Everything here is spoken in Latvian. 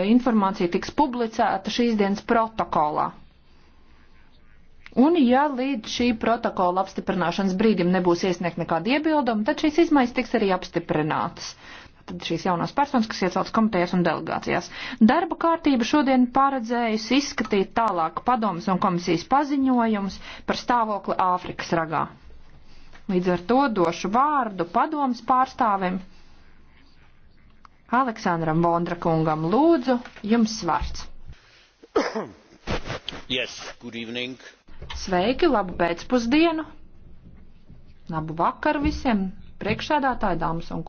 informācija tiks publicēta šīs dienas protokolā. Un ja līdz šī protokola apstiprināšanas brīdim nebūs iesniegt nekāda iebilduma, tad šīs izmaiņas tiks arī apstiprinātas. Tad šīs jaunās personas, kas iecelts komitejās un delegācijās. Darba kārtība šodien paredzējusi izskatīt tālāk padomas un komisijas paziņojums par stāvokli Āfrikas ragā. Līdz ar to došu vārdu padomas pārstāvim. Aleksandram Vondrakungam lūdzu, jums vārds. Yes, good evening. Sveiki, labu pēcpusdienu. Labu vakaru visiem priekšsēdātāji, dāmas un kungi.